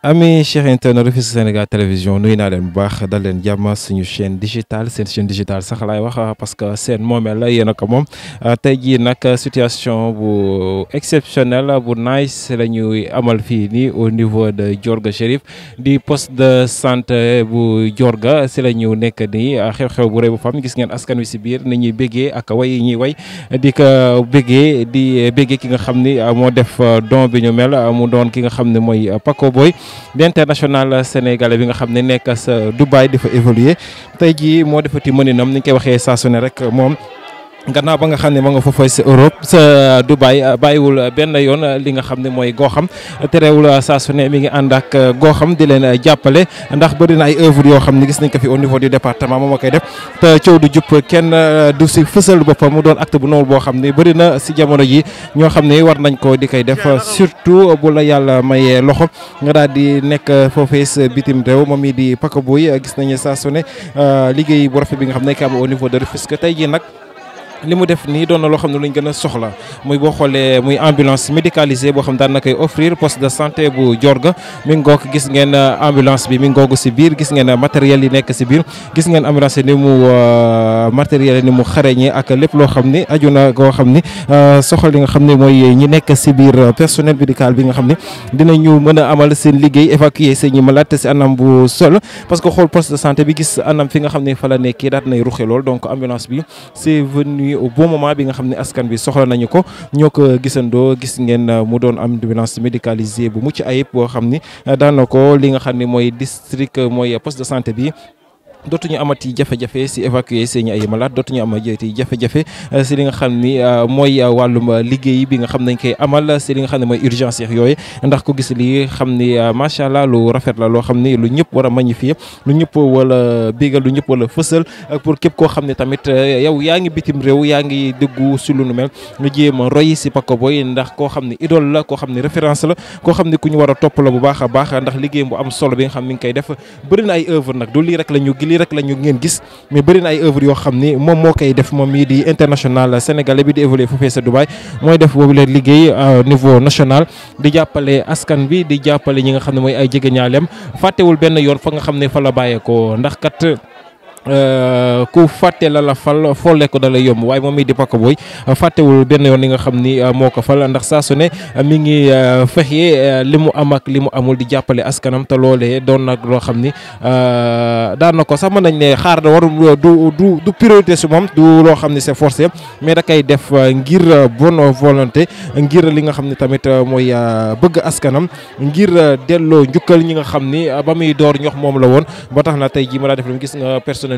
ami cheikh internet Rufisque Sénégal télévision nuyu naa leen bu baax dal leen jàmm suñu chaîne digitale seen chaîne digitale sax laay wax parce que seen moomeel la yéen ko moom euh, tey jii nag situation bu exceptionnelle bu nice la ñu amal fii nii au niveau de Diorga Chérif di poste de santé bu Diorga si la ñu nekk nii euh, xew-xew bu rëy bu fam gis ngeen askan wi si biir ni ñuy béggee ak way yi ñuy way di ko béggee di béggee ki nga xam ni euh, moo def don bi ñu mel mu doon ki nga xam ne mooy Paco di international sénégalais bi nga xam ne nekk sa Dubaï di fa évoluer tey jii moo defati mëninam ni ñu koy waxee saa ne rek moom. gannaaw ba nga xam ne ma nga foofa sa Europe sa Dubai bàyyiwul benn yoon li nga xam ne mooy Goxam terewul saa su ne mi ngi ànd ak goo xam di leen jàppale ndax bëri na ay œuvre yoo xam ne gis nañ ko fi au niveau du département moom a koy def te coow du jub kenn euh, du si fësal boppam mu doon acte bu noonu boo xam ne bëri na si jamono ji ñoo xam ne war nañ ko di koy def surtout bu la yàlla mayee loxo nga daal di nekk foofee bitim réew moom i di Pakaboy gis nañu saa su ne euh, liggéey bu rafet bi nga xam ne ka am au niveau de Rufisque tey jii nag li mu def nii doon loo xam ne lu ñu gën a soxla muy boo xoolee muy ambulance médicalisée boo xam daan na koy offrir poste de santé bu Diorga mi ngoog gis ngeen euh, ambulance bi mi ngoogu si biir gis ngeen euh, matériel yi nekk si biir gis ngeen ambulance ni mu euh, matériel ni mu xareñee ak lépp loo xam ni aju na koo xam ni soxla li nga xam ne mooy ñi nekk si biir personnel médical bi nga xam ne ñu mën a amal seen liggéey évacuer seen ñi malade si anam bu sol parce que xool poste de santé bi gis anam fi nga xam ne fa la nekkee daat nay ruxe lool donc ambulance bi nuyu au bi nga xam ne askan bi soxla nañu ko ñoo ko gisandoo gis ngeen euh, mu doon am ambulance médicalisée bu mucc ayib boo xam ni euh, daan na ko li nga xam ne mooy district mooy poste de santé bi dootuñu amati jafe-jafe si évacuer seen ay malade dootuñu amati jafe-jafe euh, si li nga xam ni euh, mooy euh, wàllum liggéey bi nga xam nañ koy amal si li nga xam ne mooy urgence yeex yooyu ndax ko gis li xam ni macha allah lu rafet la loo xam ni lu ñëpp war a magnifier lu ñëpp wala bégal lu ñëpp wala fësal pour képp koo xam ne tamit yow yaa ngi bitim réew yaa ngi déggu si lu nu mel nga jéem a roy si pakoboy ndax koo xam ne idole la koo xam ne référence la koo xam ne ku ñu war a bu baax a baax ndax liggéey bu am solo bi nga xam mi ngi koy def lii rek la ñu ngeen gis mais bëri na ay œuvre yoo xam ni moom moo koy def moom mii di international sénégalais bi di évoluer foofee sa Dubaï mooy def boobu leen liggéey euh, niveau national di jàppale askan bi di jàppale ñi nga xam ne mooy ay jege ñaaleem fàttewul benn yoon fa nga xam ne fa la bàyyeekoo ndax kat Euh, ku fàtte la fal folle ko da lay yomb waaye moom mi di Paco Boy fàttewul benn yoon li nga xam ni euh, moo ko fal ndax saa su ne euh, mi ngi fexe li mu am ak li mu amul di jàppale askanam te loolee doon nag loo xam ni daan na ko sax mën nañ ne xaar da warul du du du priorité si moom du loo xam ni c'est forcé mais da kay def ngir bonne volonté ngir li nga xam ni tamit mooy bëgg askanam ngir delloo njukkal ñi nga xam ni ba muy door ñox moom la woon ba tax na tey jii ma daa def lu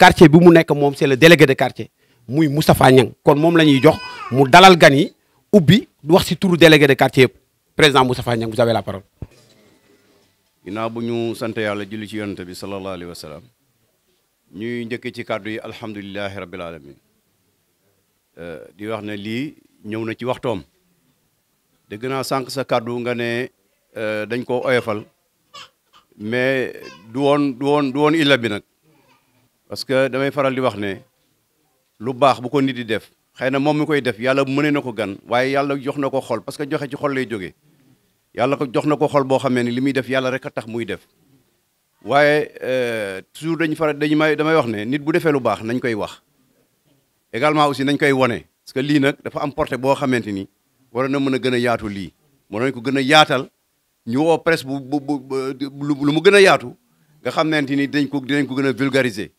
quartier bi mu nekk moom c'est le délégué de quartier muy Moustapha Niang kon moom la ñuy jox mu dalal gan yi ubbi du wax si turu délégué de quartier yëpp président Moustapha Niang vous avez parole. ginnaaw bu ñu sant yàlla julli ci yonante bi sallallahu alayhi wa ñuy njëkk ci kàddu yi alhamdulilahi rabbil alamin euh, di wax ne lii ñëw na ci waxtoom dëgg naa sànq sa kàddu nga ne euh, dañ koo oyofal mais woon du woon du woon illa bi nag parce que damay faral di wax ne lu baax bu ko nit di def xëy na moom mi koy def yàlla mënee na ko gan waaye yàlla jox na ko xol parce que joxe ci xol lay jóge yàlla ko jox na ko xol boo xamee ne li muy def yàlla rek a tax muy def waaye euh, toujours dañu faral dañu may damay wax ne nit bu defee lu baax nañ koy wax également aussi nañ koy wone parce que lii nag dafa am portée boo xamante ni war na mën a gën a yaatu lii mën nañ ko gën a yaatal ñu woo presse bu bu lu mu gën a yaatu nga xamante ni dañ ko dinañ ko gën a vulgariser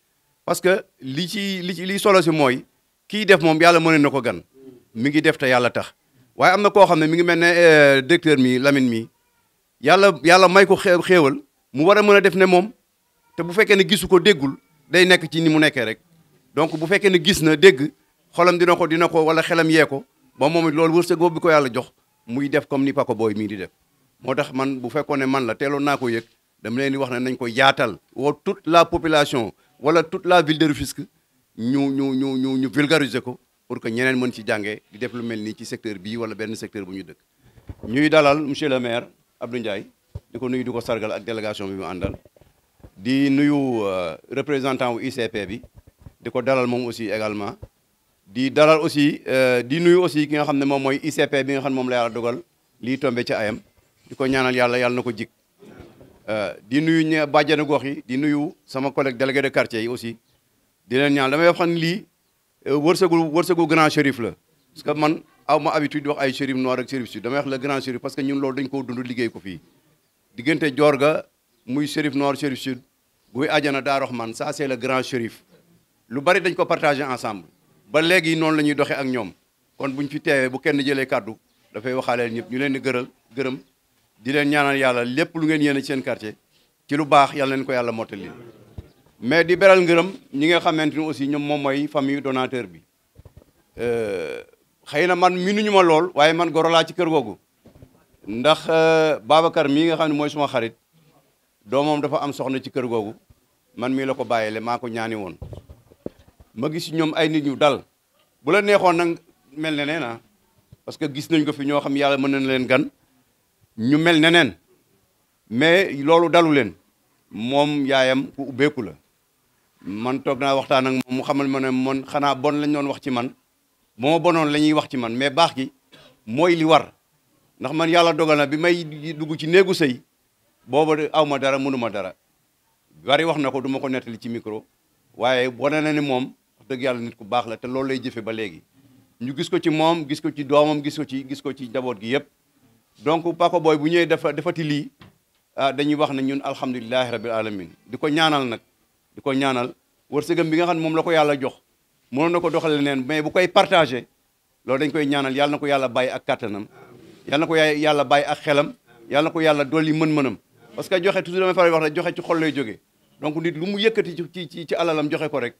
parce que li ci li ci li solo si mooy kii def moom yàlla mëne na ko gan mi ngi def te yàlla tax waaye am na koo xam ne mi ngi mel ne euh, directeur mi Lamine mi yàlla yàlla may ko xéewal mu war a mën a def ne moom te bu fekkee ne gisu ko déggul day nekk ci ni mu nekkee rek donc bu fekkee ne gis na dégg xolam dina ko dina ko wala xelam yeeko ko ba moom it loolu wërsëg boobu bi ko yàlla jox muy def comme ni pako booy mii di def moo tax man bu fekkoon ne man la teeloon naa ko yëg dama leen di wax ne nañ ko yaatal woo toute la population wala tout la ville de Rufisque ñu ñu ñu ñu ñu vulgariser ko pour que ñeneen mën ci jàngee di def lu mel nii ci secteur bii wala benn bu ñu dëkk. ñuy dalal monsieur le maire Abdou Ndiaye di ko nuyu di ko sargal ak délégation bi mu àndal di nuyu euh, représentant wu ICP bi di ko dalal moom aussi également. di dalal aussi euh, di nuyu aussi ki nga xam ne moom mooy ICP bi nga xam ne moom la yàlla dogal lii tombe ci ayam di ko ñaanal yàlla yàlla na ko jik Euh, di nuyu ña bàjjenu gox yi di nuyu sama collègue délégué de quartier yi aussi di leen ñaan damay wax xam ne lii euh, wërsëgu wërsëgu grand shérif la parce que man aw ma habitude wax ay shérif noir ak shérif sud damay wax le grand shérif parce que ñun loolu dañ koo dund liggéey ko fii diggante joor ga muy shérif noir shérif sud guy ajana daa man ça c'est le grand shérif lu bari dañ ko partagé ensemble ba léegi noonu la ñuy doxee ak ñoom kon buñ fi teewee bu kenn jëlee kàddu dafay waxaaleel ñëpp ñu leen di gëral gërëm di leen ñaanal yàlla lépp lu ngeen yéene seen quartier ci lu baax yàlla leen ko yàlla mottali mais di beral ngërëm ñi nga xamante ni aussi ñoom moom mooy famille donateur bi euh, xëy na man miinuñu ma lool waaye man gorolaa ci kër googu ndax euh, Babacar mii nga xam ne mooy suma xarit doo moom dafa am soxna ci kër googu man mii la ko le maa ko ñaani woon ma gis ñoom ay nit ñu dal bu la neexoon nag mel ne nee na parce que gis nañ ko fi ñoo xam yàlla mën nañ leen gan ñu mel neneen mais loolu dalu leen moom yaayam ku ubbeeku la man toog naa waxtaan ak mu xamal ma ne man xanaa bon lañ doon wax ci man bu ma bonoon la ñuy wax ci man mais baax gi mooy li war ndax man yàlla dogal na bi may dugg ci néegu sëy booba aw ma dara mënuma dara bari wax na ko duma ko nettali ci micro waaye wane na ni moom wax dëgg yàlla nit ku baax la te loolu lay jëfe ba léegi ñu gis ko ci moom gis ko ci doomam gis ko ci gis ko ci njaboot gi yëpp donc Paco booy bu ñëwee dafa defati lii ah, dañuy wax na ñun alhamdulilahi rabil alamin di ko ñaanal nag di ko ñaanal wërsëgam bi nga xam ne moom la ko yàlla jox moom na ko doxale neen mais bu koy partagé loolu dañ koy ñaanal yàlla na ko yàlla bàyyi ak kattanam yàlla na ko yàlla bàyyi ak xelam yàlla ko yàlla dolli mën-mënam parce que joxe toujours damay faral wax rek joxe ci xol lay jóge donc nit lu mu yëkkati ci ci ci alalam joxe ko rek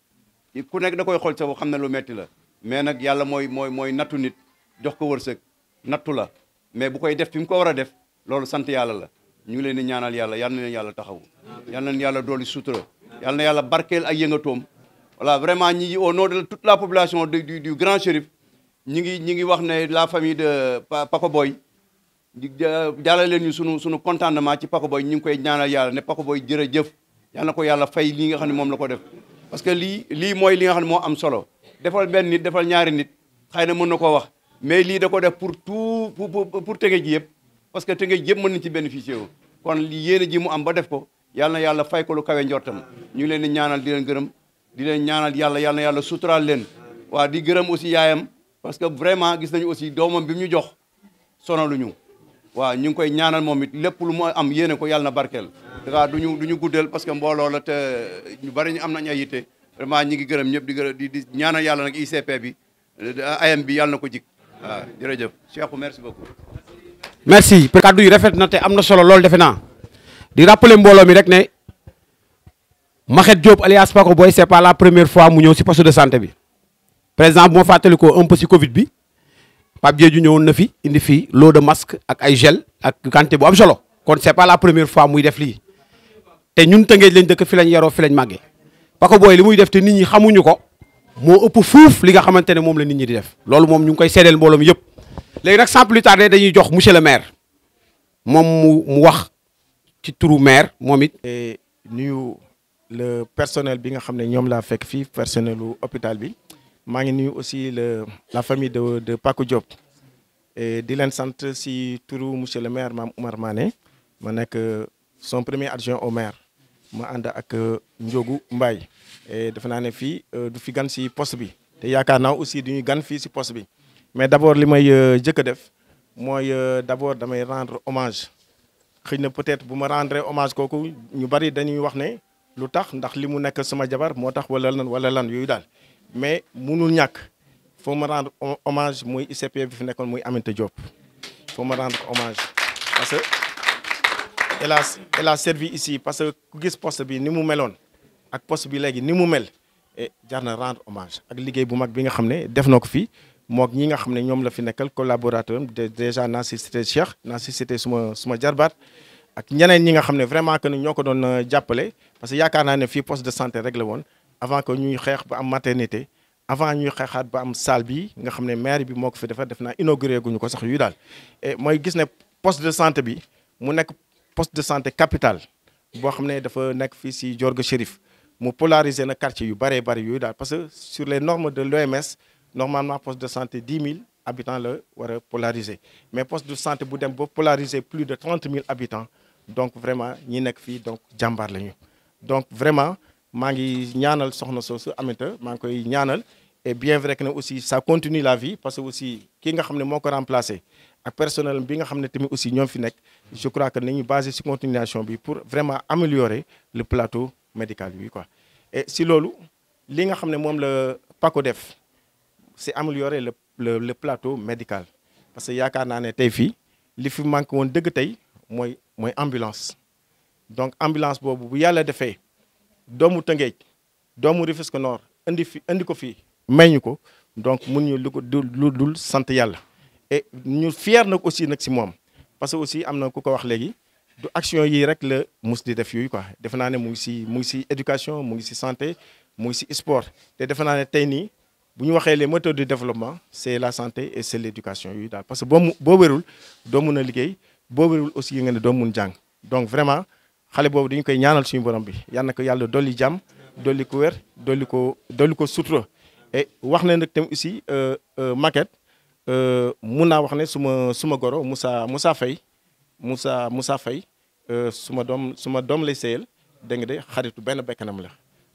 ku nekk da koy xool sa boo xam ne lu metti la mais nag yàlla mooy mooy mooy nit jox ko wërsëg nattu la mais bu koy def fi mu ko war a def loolu sant yàlla la ñu ngi leen ñaanal yàlla yal na leen yàlla taxawu yal yàlla dooli sutura yal na yàlla barkeel ak yëngatoom voilà vraiment ñi ngi au nom tout la population du du grand chérif ñi ngi ñi ngi wax ne la famille de Paco Boy jàllale leen ñu sunu sunu contentement ci Paco Boy ñu ngi koy ñaanal yàlla ne Paco Boy jërëjëf yal na ko yàlla fay lii nga xam ne moom la ko def parce que lii lii mooy li nga xam ne moo am solo defal benn nit defal ñaari nit xëy na mën na koo wax mais lii de ko def pour tout pour pour Tëngéej gi yëpp parce que Tëngéej yëpp mën nañ ci bénéficier wu kon yéen ji mu am ba def ko yàlla na yàlla fay ko lu kawe njortam ñu leen di ñaanal di leen gërëm di leen ñaanal yàlla yàlla yàlla suturaal leen waa di gërëm aussi yaayam parce que vraiment gis nañu aussi doomam bi mu ñu jox sonaluñu waaw ñu ngi koy ñaanal moom it lépp lu mu am yéene ko yàlla na barkeel dakaa duñu du ñu guddal parce que mbooloo la te bari ñu am nañ ay yitte vraiment ñi ngi gërëm ñëpp di gërëm di ñaanal yàlla nag ICP bi ayam bi yàlla na ko jik waaw ah, jërëjëf Cheikhou merci beaucoup. merci pour yi rafet na te am na solo lool defe naa di rappeler mbooloo mi rek ne Maxet Diop alias Paco Boy c'est pas la première fois mu ñëw si poste de santé bi président bu ma fàttalikoo un peu si Covid bi Pape Diédhiou ñëwoon na fi indi fii loo de masque ak ay gel ak quantité bu am solo kon c'est pas la première fois muy def lii te ñun Tëngéej lañ dëkk fi lañ yaroo fi lañ màggee Paco Boy li muy def te nit ñi xamuñu ko. moo ëpp fuuf li nga xamante ne moom la nit ñi di def loolu moom ñu ngi koy seedeel mbooloom yëpp léegi nag sans dañuy jox monsieur le moom mu wax ci turu moom it nuyu le personnel bi nga xam ne ñoom laa fekk fii personnel u hôpital bi maa ngi nuyu aussi le la famille de de Paco Diop di leen sant si turu monsieur le maire maam Oumar maane ma nekk son premier adjoint au maire ma ànd ak Ndiogu Mbaye defe naa ne fii euh, du fi gan si poste bi te yaakaar naa aussi du ñu gan fii si poste bi mais d' abord li may euh, jëkk a def mooy euh, d' abord damay rendre hommage xëy na peut-être bu ma rendre hommage kooku ñu bari dañuy wax ne lu tax ndax li mu nekk sama jabar moo tax wala lan wala lan yooyu daal mais munul ñàkk foo ma rendre hommage muy ICP bi fi nekkoon muy Aminata Diop foo ma rendre hommage parce que elle a elle a servi ici parce que ku gis post bi ni mu meloon ak poste bi léegi ni mu mel eh, jar na rendre hommage ak liggéey bu mag bi nga xam ne def na ko fii mook ñi nga xam ne ñoom la fi nekkal collaborateur de déjà naa si cité Cheikh naa si cité suma suma jarbaat ak ñeneen ñi nga xam ne vraiment que ñoo ko doon euh, jàppale parce que yaakaar naa ne fii poste de santé rek la woon avant que ñuy xeex ba am maternité avant ñuy xeexaat ba am salle bi nga xam ne maire bi moo ko fi defar def naa inauguré guñu ko sax yu daal eh, mooy gis ne poste de santé bi mu nekk poste de santé capital boo xam ne dafa nekk fii si Diorga Chérif mu polariser na quartier yu bëree bëri yooyu daal parce que sur les normes de l'OMS normalement poste de santé 10 000 habitants la war a polariser mais poste de santé bu dem ba polariser plus de trent 000 habitants donc vraiment ñi nekk fii donc jàmbaar la ñu donc vraiment maa ngi ñaanal soxna su Aminata maa ngi koy ñaanal et bien vrai que ne aussi ça continue la vie parce que aussi ki nga xam ne moo ko remplacé ak personnel bi nga xam ne tamit aussi ñoom fi nekk je crois que nañu basé si continuation bi pour vraiment améliorer le plateau médical bi quoi si loolu li nga xam ne moom la PACO def si améliorer le le plateau médical parce que yaakaar naa ne tey fii li fi manqué woon dëgg tey mooy mooy ambulance donc ambulance boobu bu yàlla defee doomu Tëngéej doomu Rufisque noor indi fi indi ko fii may ñu ko donc mun ñu lu ko lu dul sant yàlla et ñu fier nag aussi nag si moom parce que aussi am na ku ko wax léegi du action yii rek la mus di def yooyu quoi defe naa ne mu ngi si mu ngi si éducation mu ngi si santé mu ngi si sport te defe naa ne tey nii bu ñu waxee les moteurs du développement c'est la santé et c'est l'éducation yooyu daal parce que boo mu boo wérul mun a liggéey boo wérul aussi nga ne doo mun jàng donc vraiment xale boobu dañu koy ñaanal suñu borom bi yal na ko yàlla dolli jàmm dolli ko wér dolli ko dolli ko sutura et wax na nag tam aussi euh, euh, maquette euh, mun naa wax ne suma suma goro Moussa Moussa Faye Moussa Moussa Faye euh, su ma doom doom lay seyal dégg nga de xaritu benn bekkanam la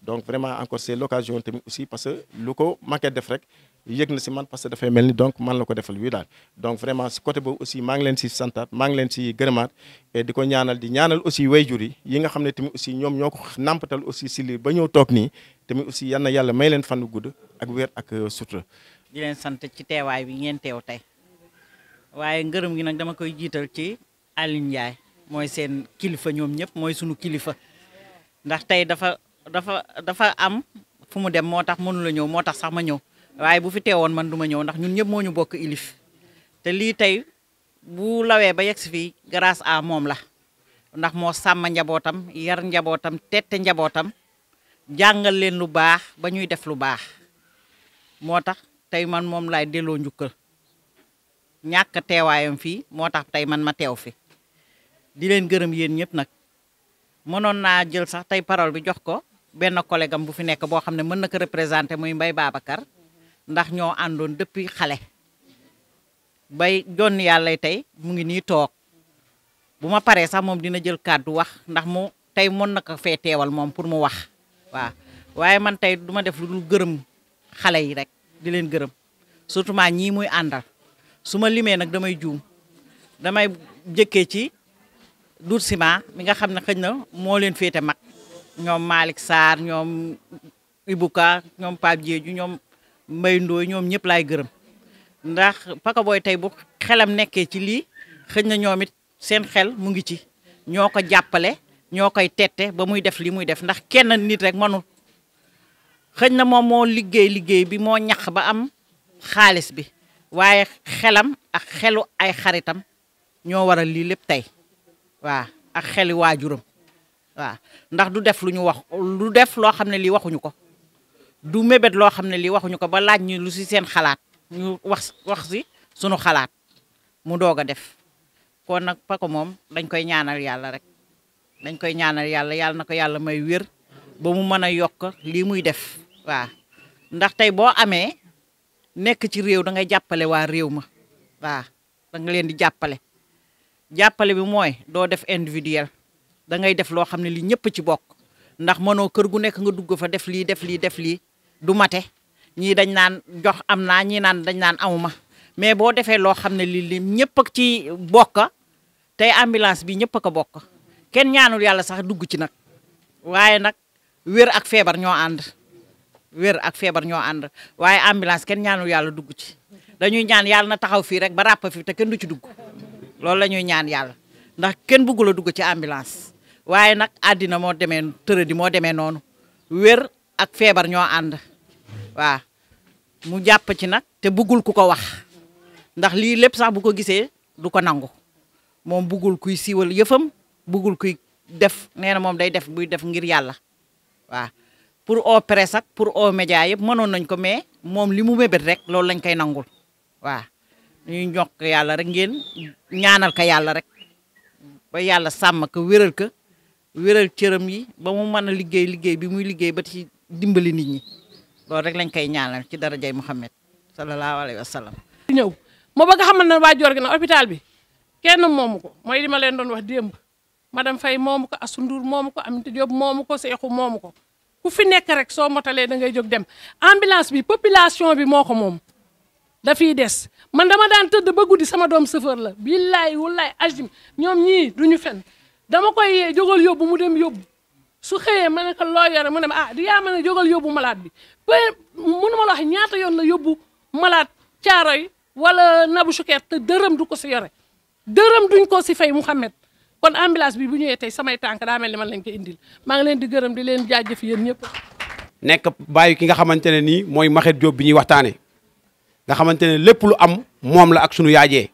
donc vraiment encore c'est l'occasion tamit aussi parce que lu ko manqué def rek yëg na si man parce que dafay mel ni donc man la ko defal wii daal donc vraiment si côté boobu aussi maa ngi leen si santaat maa ngi leen si gërëmaat et di ko ñaanal di ñaanal aussi wayjur yi yi nga xam ne tamit aussi ñoom ñoo ko nàmpatal aussi si lii ba ñëw toog nii tamit aussi yal na yàlla may leen fan gudd ak wér ak euh, sutura di sant ci teewaay bi ngeen teew tey Alioune Ndiaye mooy seen kilifa ñoom ñëpp mooy sunu kilifa ndax tey dafa dafa dafa am fu mu dem moo tax mënu la ñëw moo tax sax ma ñëw waaye bu fi teewoon man du ma ñëw ndax ñun ñëpp moo ñu bokk ilif te lii tey bu lawee ba yegg si fii grâce à moom la ndax moo sàmm njabootam yar njabootam tette njabootam jàngal leen lu baax ba ñuy def lu baax moo tax tey man moom laay delloo njukkal ñàkk teewaayam fii moo tax tey man ma teew fi di leen gërëm yéen ñëpp nag mënoon naa jël sax tey parole bi jox ko benn collègue bu fi nekk boo xam ne mën na ko représenté muy Mbaye baabakar ndax ñoo àndoon depuis xale bay jonn yàlla tey mu ngi nii toog bu ma paree sax moom dina jël kàddu wax ndax mu tey mën na ko fee teewal moom pour mu wax waaw waaye man tey duma def lu gërëm xale yi rek di leen gërëm surtout maa ñii muy àndal su ma limee nag damay juum damay jëkkee ci Dour Sima mi nga xam ne xëñ na moo leen féete mag ñoom Malick saar ñoom Ibouka ñoom Pape Diédhiou ñoom Mbaye Ndoye ñoom ñëpp laay gërëm ndax Paka booy tey bu xelam nekkee ci lii xëñ na ñoom it seen xel mu ngi ci ñoo ko jàppale ñoo koy tette ba muy def lii muy def ndax kenn nit rek mënul xëñ na moom moo liggéey liggéey bi moo ñax ba am xaalis bi waaye xelam ak xelu ay xaritam ñoo waral lii lépp tey waa ak xeli waajuram waaw ndax du def lu ñu wax lu def loo xam ne lii waxuñu ko du mébét loo xam ne lii waxuñu ko ba laaj ñu lu si seen xalaat ñu wax wax si sunu xalaat mu doog a def kon nag Paco moom dañ koy ñaanal yàlla rek dañ koy ñaanal yàlla yàlla na ko yàlla may wér ba mu mën a yokk lii muy def waaw ndax tey boo amee nekk ci réew da ngay jàppale waa réew ma waa da nga leen di jàppale jàppale bi mooy doo def individuel da ngay def loo xam ne lii ñëpp ci bokk ndax mënoo kër gu nekk nga dugg fa def lii def lii def lii du mate ñii dañ naan jox am naa ñii naan dañ naan amuma mais boo defee loo xam ne lii li ñëpp ci bokka tey ambulance bi ñëpp a ko bokk kenn ñaanul yàlla sax dugg ci nag waaye nag wér ak feebar ñoo ànd wér ak feebar ñoo ànd waaye ambulance kenn ñaanul yàlla dugg ci dañuy ñaan yàlla na taxaw fii rek ba ràpp fi te kenn ci dugg loolu la ñaan yàlla ndax kenn bëggul a dugg ci ambulance waaye nag àddina moo demee tërëdi moo demee noonu wér ak feebar ñoo ànd waaw mu jàppa ci nag te bëggul ku ko wax ndax lii lépp sax bu ko gisee du ko nangu moom bëggul kuy siiwal yëfam bëggul ku def nee moom day def buy def ngir yàlla waaw pour au presse ak pour au média yëpp mënoon nañ ko mais moom li mu mébét rek loolu lañ koy nangul waaw ñuy jox ko yàlla rek ngeen ñaanal ko yàlla rek ba yàlla sàmm ko wéral ko wéral cëram yi ba mu mën a liggéey liggéey bi muy liggéey ba ci dimbali nit ñi loolu rek lañ koy ñaanal ci darajay Muhammad sallallahu alayhi wa sallam. ñëw ma bëgg a xamal na waa Dior gi nag hôpital bi kenn moomu ko mooy li ma leen doon wax démb ma madame Faye moomu ko Assou Ndour moomu ko Aminata Diop moomu ko Seexu moomu ko ku fi nekk rek soo motalee da ngay jóg dem ambulance bi population bi moo ko moom. dafiy des man dama daan tëdd ba guddi sama doom sëfër la billaay wallaay ajim ñoom ñii ñu fen dama koy yee jógal yóbbu mu dem yóbbu su xëyee ma ne ko loo yore mu ne ah di yaa ma bi ba ñaata yoon la yóbbu malade caaroy wala nabu sukeer te dërëm du ko si yore dërëm duñ ko si fay Mouhamed kon ambulance bi bu ñëwee tey samay tànk daa mel ni man lañ ko indil maa ngi leen di gërëm di leen jaajëf yéen ñëpp. nekk bàyyi ki nga xamante ne nii mooy Maxet Diop bi ñuy waxtaanee. nga xamante ne lépp lu am moom la ak sunu yaajee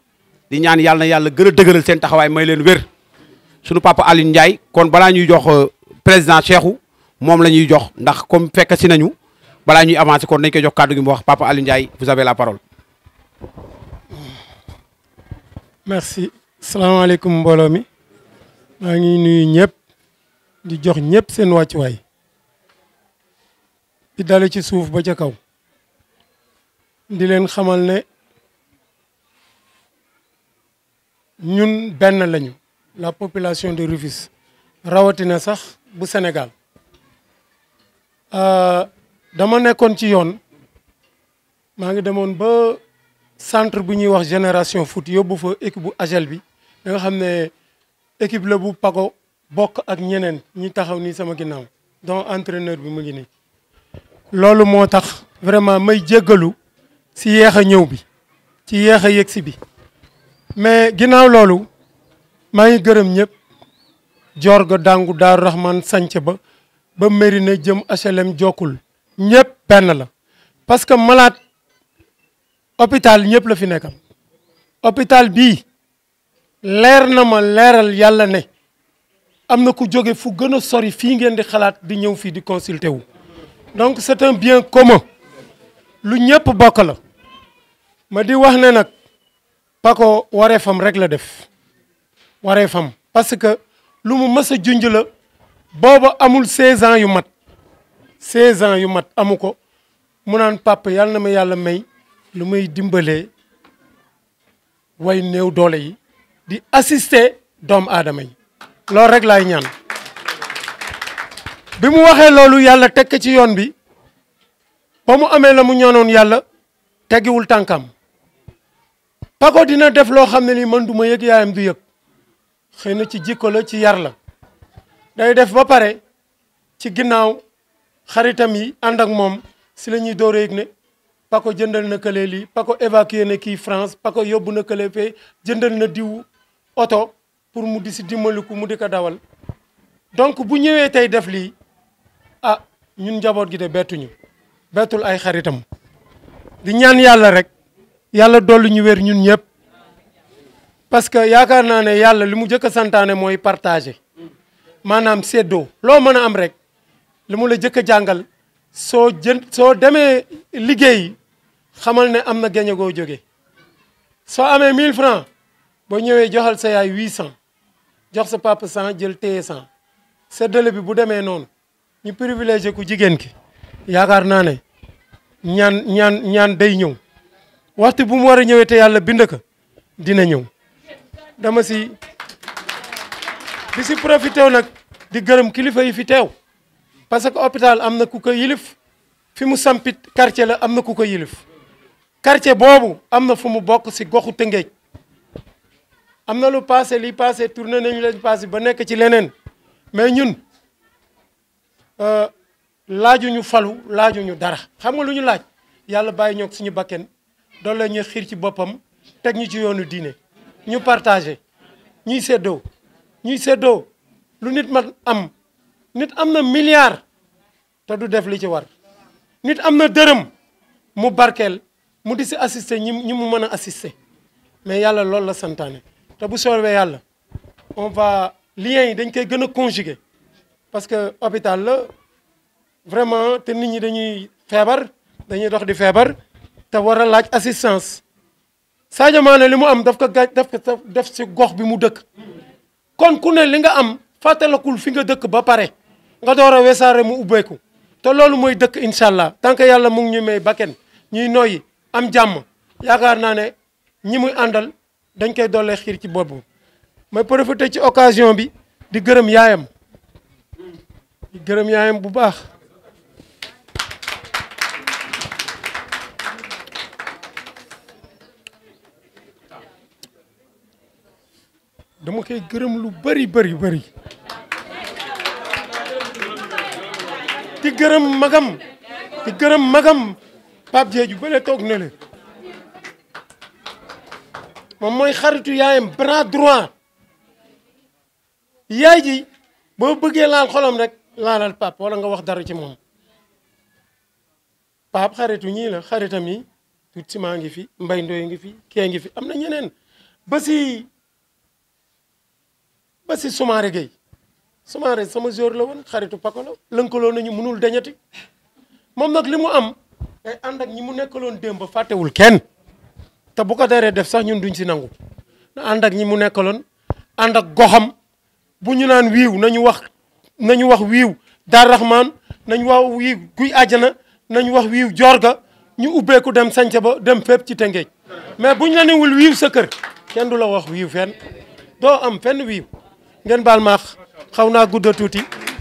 di ñaan yàlla na yàlla gën a dëgëral seen taxawaay may leen wér sunu papa Alioune Ndiaye kon balaa ñuy jox euh, président Cheikhou moom la ñuy jox ndax comme fekk si nañu balaa ñuy avancer kon dañ koy jox kàddu gi mu wax papa Alioune Ndiaye vous avez la parole. salaamaaleykum mbooloo mi maa ngi nuyu ñëpp di jox ñëpp seen wàccuwaay di dale ci suuf ba ca kaw. di leen xamal ne ñun benn lañu la population de Rufisque rawatina sax bu Sénégal euh, dama nekkoon ci yoon maa ngi demoon ba centre bu ñuy wax génération foot yóbbu fa équipe bu AJEL bi da nga xam ne équipe la bu Pago bokk ak ñeneen ñi taxaw nii sama ginnaaw donc entraîneur bi mu ngi nii. loolu moo tax vraiment may jéggalu si yéex a ñëw bi ci yéex a yëg si bi mais ginnaaw loolu maa ngi gërëm ñëpp jorgo dàngu daaru rahman sanc ba ba Mérina jëm HLM jokkul ñëpp penn la parce que malade hôpital ñëpp la fi nekkal hôpital bi leer na ma leeral yàlla ne am na ku jóge fu gën a sori fii ngeen di xalaat di ñëw fii di consulter wu donc c'est bien commun lu ñëpp bokk la ma di wax ne nag Paco wareefam rek la def wareefam parce que lu mu mës a la booba amul 16 yu mat 16 yu mat amu ko mu naan papa yàlla na ma yàlla may lu may dimbalee way néew doole yi di assister doomu aadama yi loolu rek lay ñaan bi mu waxee loolu yàlla tekk ci yoon bi ba mu amee la mu ñaanoon yàlla teggiwul tànkam pako dina def loo xam ne ni man du ma yëg yaayam du yëg xëy na ci jikko la ci yar la day def ba pare ci ginnaaw xaritam yi ànd ak moom si la ñuy door a yëg ne Paco jëndal na kële lii Paco évacué na kii France Paco yóbbu na kële fee jëndal na diw oto pour mu di si dimbaliku mu di ko dawal donc bu ñëwee tey def lii ah ñun njaboot gi de bettuñu bettul ay xaritam di ñaan yàlla rek yàlla dolli ñu wér ñun ñëpp parce que yaakaar naa ne yàlla li mu njëkk a santaane mooy partager maanaam séddoo loo mën a am rek li mu la jëkk a jàngal soo jën soo demee liggéey xamal ne am na gañe goo jóge soo amee 1000 francs boo ñëwee joxal sa yaay 800 jox sa papa 100 jël téye 100 séddale bi bu demee noonu ñu privilégié ku jigéen ki yaakaar naa ne ñaan ñaan ñaan day ñëw waxtu bu mu war a ñëwee te yàlla bind ko dina ñëw dama si di si profité nag di gërëm kilifa yi fi teew parce que hôpital am na ku ko yilif fi mu sampit quartier la am na ku ko yilif quartier boobu am na fu mu bokk si goxu Tëngéej am na lu passé li passé tourné nañu leen passé ba nekk ci leneen mais ñun euh, laaju ñu falu ñu dara xam nga lu ñu laaj yàlla bàyyi ñoo ñoog suñu bakken doon la ñu xiir ci boppam teg ñu ci yoonu diine ñu partagé ñuy séddoo ñuy séddoo lu nit ma am nit am na milliard te du def li ci war nit am na dërëm mu barkeel mu di si assister ñi ñi mu mën a assister mais yàlla loolu la santaane te bu soobee yàlla on va liens yi dañ koy gën a parce que hôpital vraiment te nit ñi dañuy feebar dañuy dox di feebar te war a laaj assistance Sadio Mané li mu am daf ko gaaj daf ko def ci gox bi mu dëkk kon ku ne li nga am fàttalakul fi nga dëkk ba pare nga door a wesaare mu ubbeeku te loolu mooy dëkk incha allah tant que yàlla mu ngi ñu may bakken ñuy noyyi am jàmm yaakaar naa ne ñi muy àndal dañ koy dollee xiir ci boot boobu may profité ci occasion bi di gërëm yaayam di gërëm yaayam bu baax dama koy gërëm lu bari bëri bari di gërëm magam di gërëm magam Pape Diédhiou ba toog na le moom mooy xaritu yaayam bras droit yaay ji boo bëggee laal xolam rek laalal pap wala nga wax dara ci moom pap xaritu ñii la xaritam yi maa ngi fi mbay ndoy ngi fi kee ngi fi am na ñeneen ba ba si Soumaré Gueye Soumaré sama joueur la woon xaritu Paco la lënkaloo nañu mënul dañati moom nag li mu am day ànd ñi mu nekkaloon démb fàttewul kenn te bu ko daree def sax ñun duñ si nangu na ànd ak ñi mu nekkaloon ànd ak goxam bu ñu naan wiiw nañu wax nañu wax wiiw Dar Rahman nañu wax wiiw guy àjjana nañu wax wiiw jorga ñu ubbeeku dem sanca ba dem fépp ci tëngeej mais buñ la newul wiiw sa kër kenn du la wax wiiw fenn doo am fenn wiiw ngeen baal maax xaw naa gudda tuuti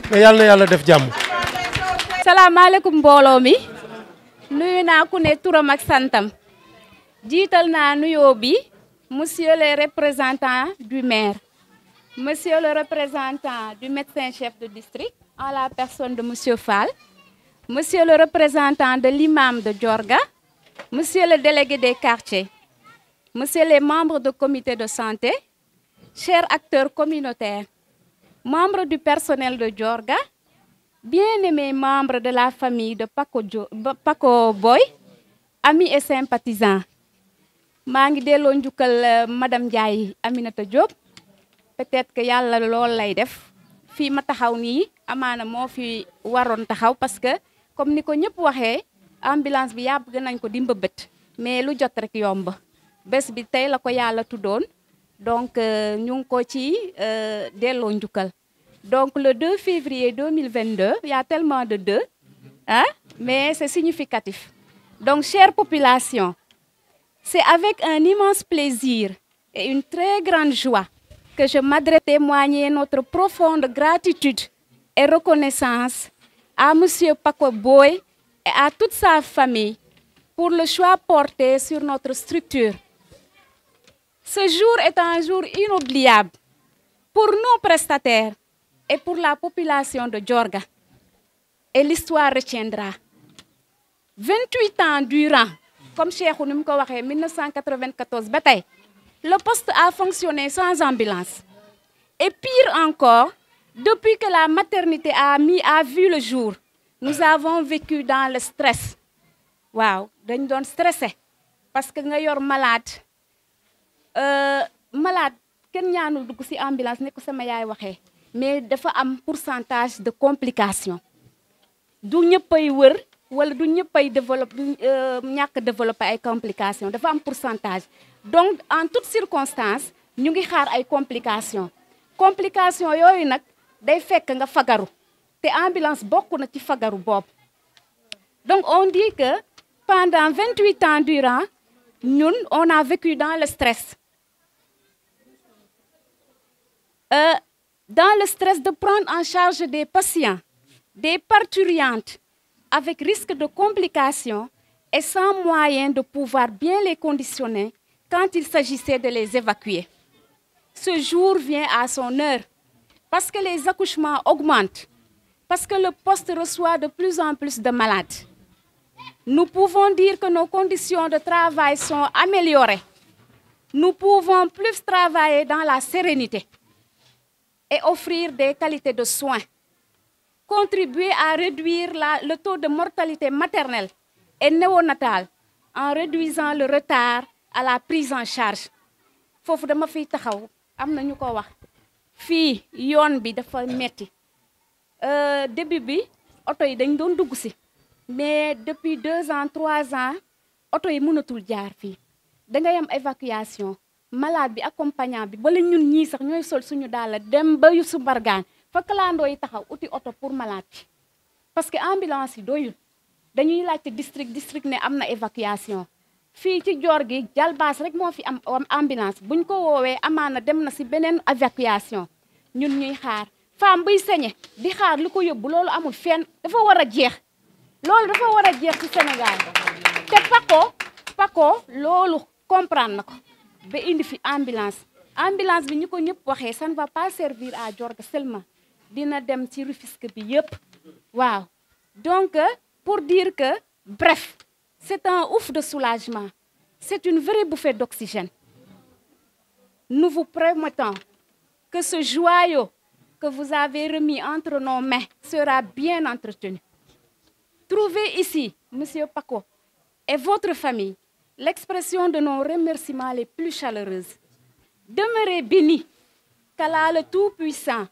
mais yàlla na yàlla def jàmm. salaamaaleykum mbooloo mi nuyu naa ku ne turam ak santam jiital naa nuyoo bi monsieur le représentant du maire monsieur le représentant du médecin chef de district en la personne de monsieur Fall monsieur le représentant de l'imam de Diorga monsieur le délégué des quartiers monsieur les membres de comité de santé chers acteur communautaires, membre du personnel de Diorga, bien-aimés membre de la famille de Paco, jo Paco Boy, amis et sympathisants. maa ngi delloo njukkal euh, madame Ndiaye Aminata Diop peut-être que yàlla lool lay def fii ma taxaw nii amaana moo fi waroon taxaw parce que comme ni ko ñëpp waxee ambulance bi yàgg nañ ko di mbëbët mais lu jot rek yomb bés bi tey la ko yàlla tuddoon donc euh, ñu ngi ko ci euh, delloo njukkal donc le 2 février 2022 il y a tellement de deux ah mais c'est significatif donc chère population c'est avec un immense plaisir et une très grande joie que je m'adresse témoigner notre profonde gratitude et reconnaissance à monsieur Paco Boy et à toute sa famille pour le choix porté sur notre structure Ce jour est un jour inoubliable pour nous prestataires et pour la population de Djorga. Et l'histoire retiendra. 28 ans durant, comme Cheikh nous en 1994, bataille, le poste a fonctionné sans ambulance. Et pire encore, depuis que la maternité a, mis, a vu le jour, nous avons vécu dans le stress. Waouh, nous sommes stressés parce que nous sommes malades. Euh, malade kenn ñaanul dugg si ambulance ne ko sama yaay waxee mais dafa am pourcentage de complication du ñëppay wër wala du ñëppay développe du euh, ñàkk développé ay complication dafa am pourcentage donc en toute circonstance ñu ngi xaar ay complication complication yooyu nag day fekk nga fagaru te ambulance bokk na ci fagaru boobu donc on dit que pendant vingt-huit ans durant ñun on a vécu dans le stress Euh, dans le stress de prendre en charge des patients, des parturientes, avec risque de complications et sans moyen de pouvoir bien les conditionner quand il s'agissait de les évacuer. Ce jour vient à son heure parce que les accouchements augmentent, parce que le poste reçoit de plus en plus de malades. Nous pouvons dire que nos conditions de travail sont améliorées. Nous pouvons plus travailler dans la sérénité. et offrir des qualité de soins, contribuer à réduire la, le taux de mortalité maternelle et néonatale en réduisant le retard à la prise en charge foofu dama fi taxaw am na ñu ko wax fii yoon bi dafa metti euh, début bi oto yi dañ doon dugg si mais depuis deux ans trois ans oto yi munatul jaar fii da ngay am évacuation malaat bi accompagnant bi bala ñun ñii sax ñooy sol suñu daala dem ba Youssou Mbargaan fa kalandoo yi taxaw uti oto pour malaat bi parce que ambulance yi doyul dañuy laajte district district ne am na évacuation fii ci joor gi jalbaas rek moo fi am ambulance buñ ko woowee amaana dem na si beneen évacuation ñun ñuy xaar femme buy sañe di xaar lu ko yóbbu loolu amul fen dafa war a jeex loolu dafa war a jeex ci Sénégal te Paco Paco loolu comprendre na ko ba indi fi ambulance ambulance bi ñu ko ñëpp waxee ça ne va pas servir à Diorga seulement dina dem ci Rufisque bi yëpp waaw donc pour dire que bref c'est un ouf de soulagement c'est une vraie bouffée d'oxygène nous vous promettons que ce yo que vous avez remis entre nos mains sera bien entretenu trouvez ici monsieur Paco et votre famille l'expression de nos remerciements les plus chaleureuses. Demeurez bénis, qu'Allah le Tout-Puissant,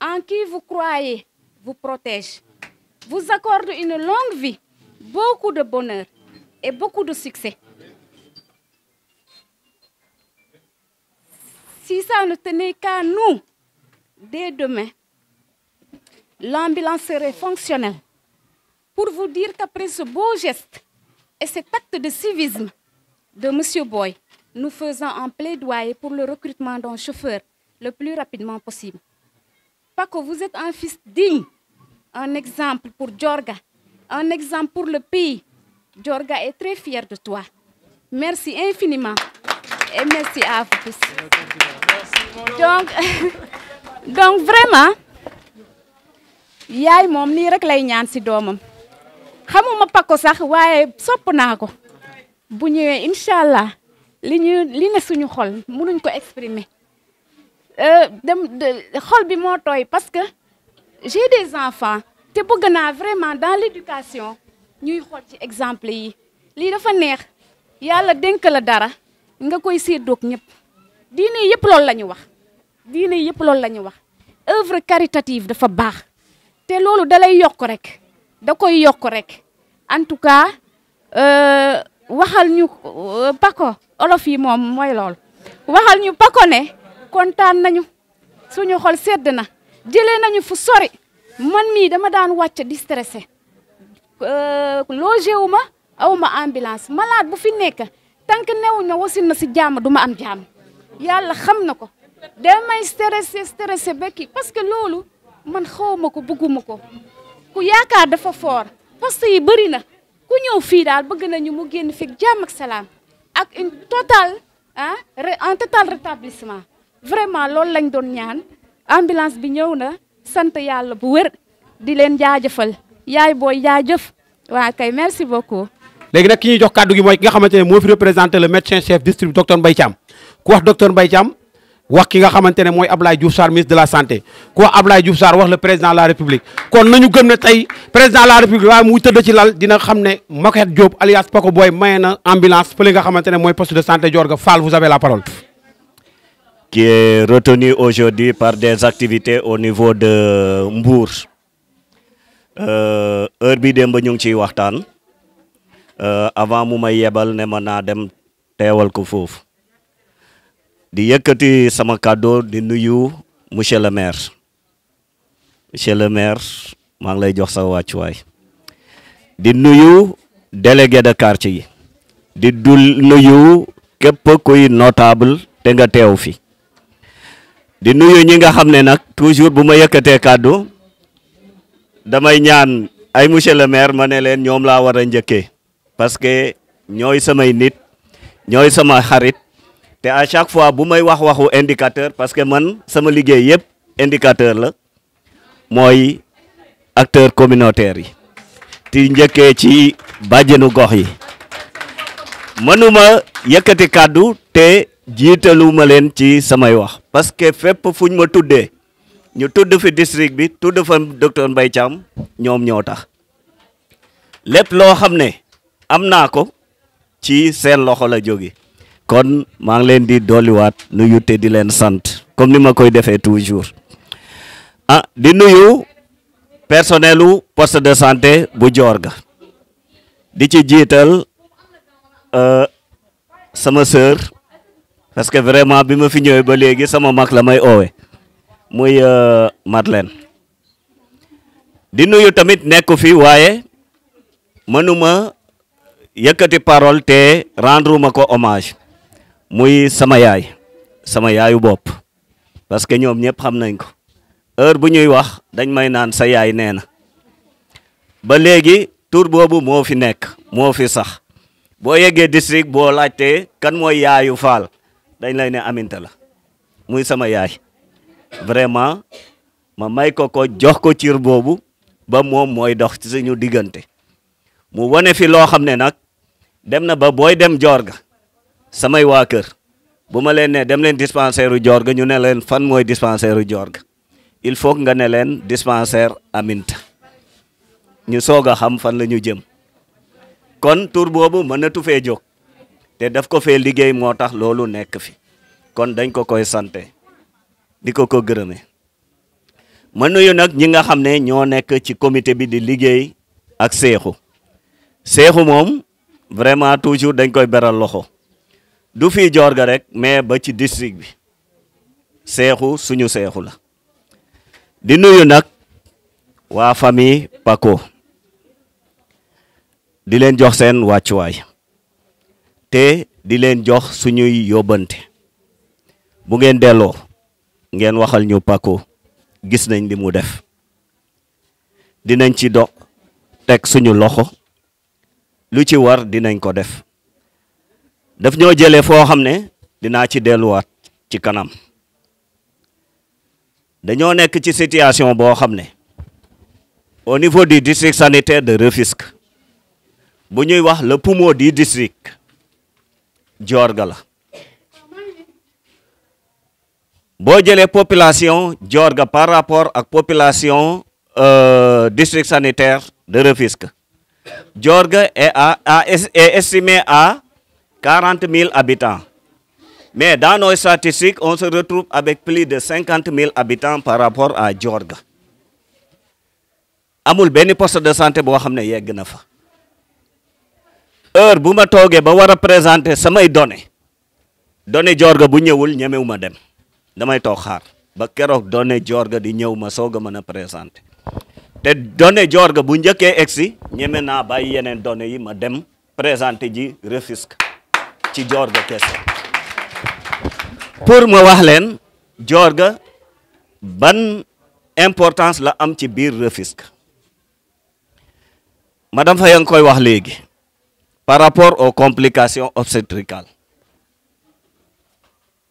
en qui vous croyez, vous protège, vous accorde une longue vie, beaucoup de bonheur et beaucoup de succès. Si ça ne tenait qu'à nous, dès demain, l'ambulance serait Pour vous dire qu'après ce beau geste, Et cet acte de civisme de Monsieur Boy, nous faisons un plaidoyer pour le recrutement d'un chauffeur le plus rapidement possible. Parce que vous êtes un fils digne, un exemple pour Djorga, un exemple pour le pays. jorga est très fier de toi. Merci infiniment et merci à vous tous. donc donc vraiment yaay moom nii rek lay ñaan ci doomam xamuma ko sax waaye sopp naa ko bu ñëwee incha allah li ñu li ne suñu xol mënuñ ko exprimer euh, dem xol bi moo tooy parce que j'ai des enfants te bëgg naa vraiment dans l'éducation ñuy xool ci exemple yi lii dafa neex yàlla denk la dara nga koy séddoog ñëpp diine yëpp loolu la ñu wax diine yëpp loolu la ñu wax œuvre caritative dafa baax te loolu dalay yokk rek da koy yokk rek en tout cas euh, waxal ñu euh, Paco olof yi moom mooy lool waxal ñu Paco ne kontaan nañu suñu xol sedd na jële nañu fu sori man mii dama daan wàcce di stressé euh, logé wu ma aw ma ambulance malade bu fi nekk tànk new na wasin na si jàmm duma am jàmm yàlla xam na ko damay stressé stressé bekki parce que loolu man xaw ko bëgguma ko ku yaakaar dafa foor poste yi bëri na ku ñëw fii daal bëgg nañu mu génn fii jàmm ak salaam ak une totale ah un total rétablissement vraiment loolu lañ doon ñaan ambulance bi ñëw na sant yàlla bu wér di leen jaajëfal yaay booy jaajëf waa kay merci beaucoup. léegi nag ki ñuy jox kàddu gi mooy ki nga xamante ne moo fi représenté le médecin chef district docteur Mbaye Thiam ku wax docteur Mbaye Thiam. wax ki nga xamante ne mooy Ablaye Diouf Sarr ministre de la santé ku wax Ablaye Diouf wax la président de la république kon nañu gëm ne tey président de la république waaye muy tëdd ci lal dina xam ne Moket Diop alias Paco Boy maye na ambulance fële nga xamante ne mooy poste de santé Diorga Fall vous avez la parole. qui est retenu aujourd'hui par des activités au niveau de Mbour. Euh, heure bii dem ba ñu ngi ciy waxtaan euh, avant mu ma yebal ne ma naa dem teewal ko foofu. di yëkkati sama kàddoo di nuyu monsieur le monsieur le maire maa ngi lay jox sa wàccuwaay di nuyu délégué de quartier yi di dul nuyu képp koy notable te nga teew fi di nuyu ñi nga xam ne nag toujours bu ma yëkkatee kàddu damay ñaan ay monsieur le ma ne leen ñoom laa war a njëkkee parce que ñooy samay nit ñooy sama xarit te à chaque fois bu may wax waxu indicateur parce que man sama liggéey yëpp indicateur la mooy acteur communautaire yi ti njëkkee ci bàjjenu gox yi mënuma yëkkati kàddu te jiitaluma leen ci samay wax parce que fépp fuñ ma tuddee ñu tudd fi district bi tudd fa docteur Mbaye Thiam ñoom ñoo tax lépp loo xam ne am naa ko ci seen loxo la jóge kon maa ngi leen di dolliwaat nuyu te di leen sant comme ni ma koy defee toujours ah di nuyu personnelu poste de santé bu joor ga di ci jiital euh, sama sœur parce que vraiment bi ma fi ñëwee ba léegi sama mag la may oowe muy euh, Madeleine di nuyu tamit nekku fi waaye mënuma yëkkati parole te rendre ma ko hommage muy sama yaay sama yaayu bopp parce que ñoom ñëpp xam nañ ko heure bu ñuy wax dañ may naan sa yaay nee na ba léegi tur boobu moo fi nekk moo fi sax boo yeggee district boo laajtee kan mooy yaayu faal dañ lay ne aminta la muy sama yaay vraiment ma may ko ko jox ko ciir boobu ba moom mooy dox ci suñu diggante mu wane fi loo xam ne nag dem na ba booy dem joor ga samay waa kër bu ma leen ne dem leen dispensaire u Diorga ñu ne leen fan mooy dispensaire u Diorga il faut nga ne leen dispensaire Aminta ñu soog a xam fan la ñu jëm kon tur boobu mënatu fee jóg te def ko fee liggéey moo tax loolu nekk fi kon dañ ko koy sante di ko ko gërëmee ma nuyu nag ñi nga xam ne ñoo nekk ci comité bi di liggéey ak seexu seexu moom vraiment toujours dañ koy beral loxo du fii joor ga rekk mais ba ci district bi seexu suñu seexu la di nuyu nag waa famille Paco di leen jox seen wàccuwaay te di leen jox suñuy yóbbante bu ngeen delloo ngeen waxal ñu Paco gis nañ li mu def dinañ ci do teg suñu loxo lu ci war dinañ ko def daf ñoo jëlee foo xam ne dinaa ci delluwaat ci kanam dañoo nekk ci situation boo xam ne au niveau du district sanitaire de Rufisque bu ñuy wax le poumon du district Diorga la boo jëlee population ga par rapport ak population euh, district sanitaire de Rufisque ga est à est estimé à 40 000 habitants. Mais dans nos statistiques, on se retrouve avec plus de 50 mille habitants par rapport à Diorga. amul benn poste de santé boo xam ne yegg na fa heure bu ma toogee ba war a présenter samay données données Diorga bu ñëwul ñemewu ma dem damay toog xaar ba keroog données Diorga di ñëw ma soog a mën a présenter te données Diorga bu njëkkee egsi ñeme naa bàyyi yeneen données yi ma dem présenter ji Rufisque ci joor ga kese pour ma wax leen joor ga ban importance la am ci biir Rufisque madame Faye a ngi koy wax léegi par rapport aux complications obstétricales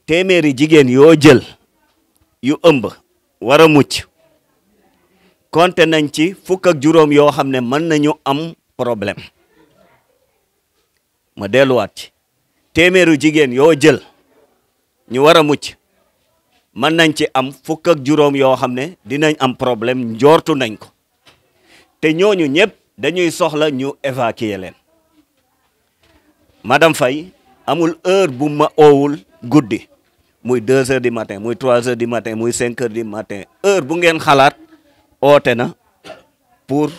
téeméeri jigéen yoo jël yu ëmb wara a mucc konte nañ ci fukk ak juróom yoo xam ne mën nañu am problème ma delluwaat ci téeméeru jigéen yoo jël ñu war a mucc mën nañ ci am fukk juróom yoo xam ne dinañ am problème njoortu nañ ko te ñooñu ñëpp dañuy soxla ñu évacuer leen madame Faye amul heure bu ma oowul guddi muy deux heures du matin muy trois heures du matin muy cinq heures du matin heure bu ngeen xalaat oote na pour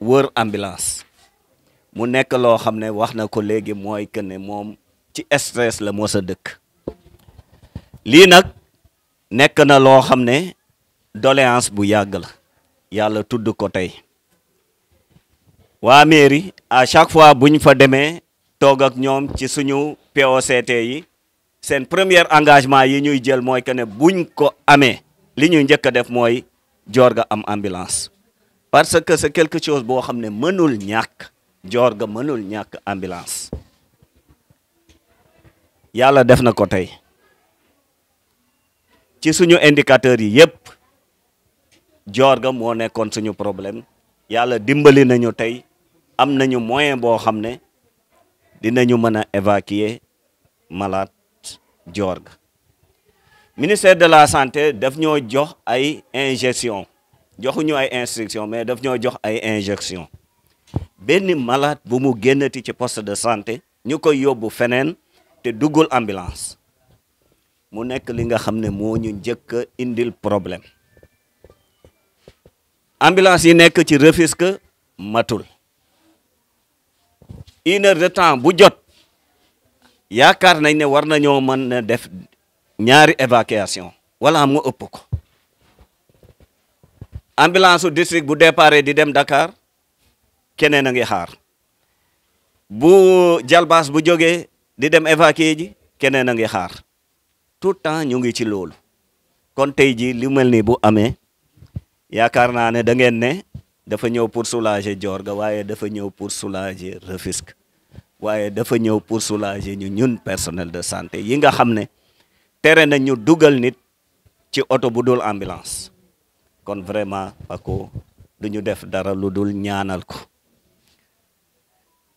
wër ambulance mu nekk loo xam ne wax na ko léegi mooy que ne moom ci stress la mos a dëkk lii nag nekk na loo xam ne doléance bu yàgg la yàlla tudd ko tey waa mairie à chaque fois buñ fa demee toog ak ñoom ci suñu POCT yi seen première engagement yi ñuy jël mooy que ne buñ ko amee li ñuy njëkk a def mooy ga am ambulance parce que c'est quelque chose boo xam ne mënul ñàkk ga mënul ñàkk ambulance yàlla def na ko tey ci suñu indicateurs yi yëpp joor ga moo nekkoon suñu problème yàlla dimbali nañu tey am nañu moyen boo xam ne dinañu mën a évacuer malaat joor ministère de la santé def ñoo jox ay injection joxuñu ay instruction mais daf ñoo jox ay injection benn malaat bu mu génnati ci poste de santé ñu koy yóbbu feneen te duggul ambulance mu nekk li nga xam ne moo ñu njëkk a indil problème ambulance yi nekk ci Rufisque matul une de temps bu jot yaakaar nañ ne war nañoo mën na def ñaari évacuation wala am ëpp ko ambulance su district bu départ di dem Dakar keneen a ngi xaar bu jalbaas bu jógee di dem évacuer ji keneen a ngi xaar tout temps ñu ngi ci loolu kon tey ji li mel ni bu amee yaakaar naa ne da ngeen ne dafa ñëw pour joor ga waaye dafa ñëw pour soulager Rufisque waaye dafa ñëw pour soulager ñu ñun personnel de santé yi nga xam ne tere na ñu dugal nit ci oto bu dul ambulance kon vraiment Paco du ñu def dara lu dul ñaanal ko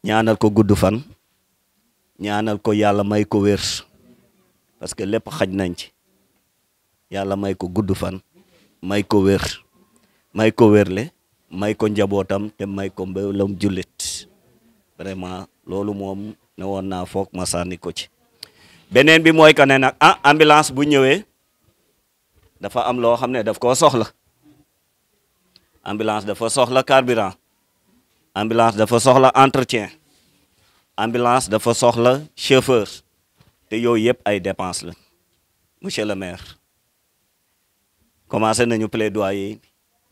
ñaanal ko gudd fan ñaanal ko yàlla may ko wér parce que lépp xaj nañ ci yàlla may ko gudd fan may ko wér may ko wérle may ko njabootam te may ko mbéwlam jullit vraiment loolu moom ne woon naa foog ma sànni ko ci beneen bi mooy que ne nag ah ambulance bu ñëwee dafa am loo xam ne daf koo soxla ambulance dafa soxla carburant ambulance dafa soxla entretien ambulance dafa soxla chauffeur te yooyu yëpp ay dépense la monsieur le maire commencé nañu yi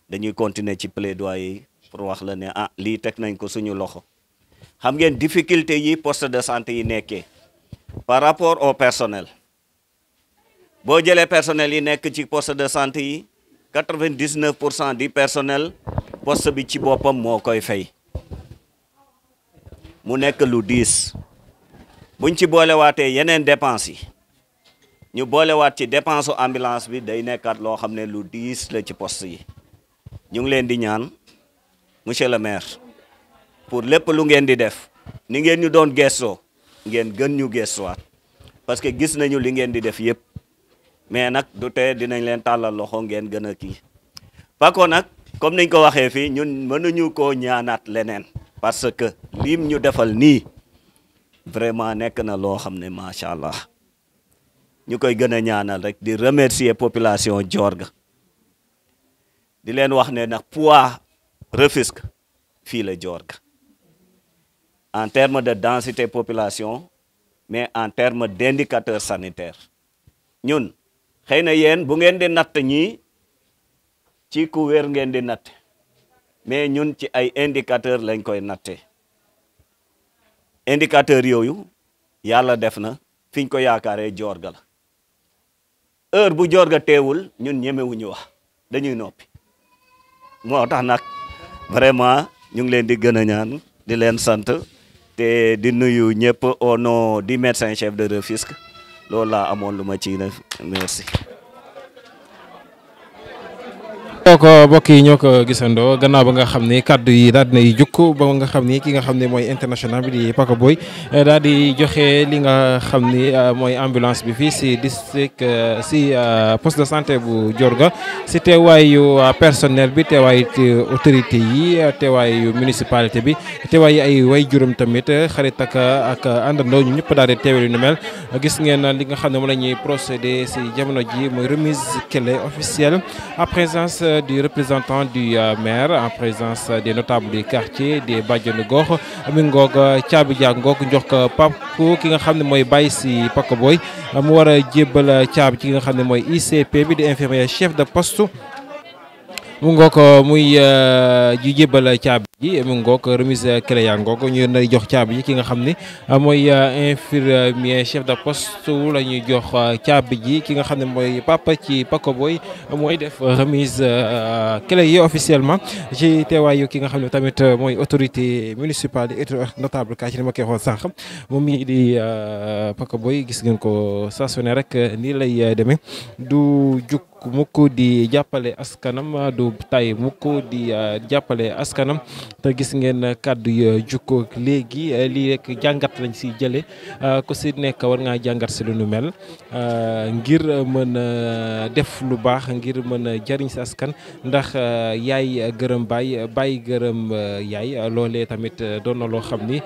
dañuy continuer ci yi pour wax la ne ah lii teg nañ ko suñu loxo xam ngeen difficulté yi poste de santé yi nekkee par rapport au personnel boo jëlee personnel yi nekk ci poste de santé yi quatre-vingt-dix-neuf pour cent du personnel poste bi ci boppam moo koy fay mu nekk lu diis buñ ci boolewaatee yeneen dépense yi ñu boolewaat ci dépense ambulance bi day nekkaat loo xam ne lu diis la ci post yi ñu ngi leen di ñaan monsieur le maire pour lépp lu ngeen di def ni ngeen ñu doon gestoo ngeen gën ñu gestuwaat parce que gis nañu li ngeen di def yëpp mais nag du tee dinañ leen tàllal loxo ngeen gën a kii Paco nag comme niñ ko waxee fii ñun mënuñu ko ñaanaat leneen parce que lim ñu defal nii vraiment nekk na loo xam ne macha allah ñu koy gën a ñaanal rek di remercier population Diorga di leen wax ne nag poids Rufisque fii la Diorga en terme de densité population mais en terme d' sanitaire ñun xëy na yéen bu ngeen di natt ñi ci ku wér ngeen di natt mais ñun ci ay indicateur lañ koy natte indicateur yooyu yàlla def na fiñ ko yaakaaree joor gala heure bu jorga teewul ñun ñemewuñu wax dañuy noppi moo tax nag vraiment ñu ngi leen di gën a ñaan di leen sant te di nuyu ñëpp au nom di médecin chef de Rufisque loolu laa amoon lu ma ci def merci ñoo ko euh, mbokk yi ñoo ko gisandoo gannaaw ba nga xam ni kàddu yi daal dinay jukk ba nga xam ni ki nga xam ne mooy international bi di Paka Boy euh, daal di joxe li nga xam ni euh, mooy ambulance bi fii si district si poste de santé bu joor ga si teewaayu personnel bi teewaayu autorité yi teewaayu municipalité bi teewaayu ay way juróom tamit xarit ak ak àndandoo ñu ñëpp daal di teewee lu nu mel gis ngeen li nga xam ne moom la ñuy procédé si jamono ji mooy remise clé officielle à Euh, du représentant du euh, maire en présence des notables du quartier des bàjjenu gox mi ngoog euh, caabi jaa ngoog njox ko pàkku ki nga xam ne mooy bàyyi si pakk booy mu war a jébbal caabi ci ki nga xam ne mooy ICP bi di infirmier chef de poste mu ngoog muy ji jébbal caabi ji mu ngoog remise clé yaa ngoog ñu na jox caabi ki nga xam ni mooy euh, infirmier chef de poste la ñuy jox euh, caabi ji ki nga xam ne mooy papa ci Pacoboy mooy def remise euh, clé officiellement ci teewaayu ki nga xam ne tamit mooy autorité municipale et notable kaa ci ni ma koy xool sànq moom mii di Pacoboy gis ngeen ko saa su rek nii lay demee du juk mukk di jàppale askanam du tay mukk di jàppale askanam te gis ngeen kàddu ya jukkoo léegi lii rek jàngat lañ si jële euh, ko si nekk war ngaa jàngat si lu nu mel euh, ngir mën a def lu baax ngir mën a jariñ si askan ndax euh, yaay gërëm baay baay gërëm yaay loolee tamit doon na loo xam ni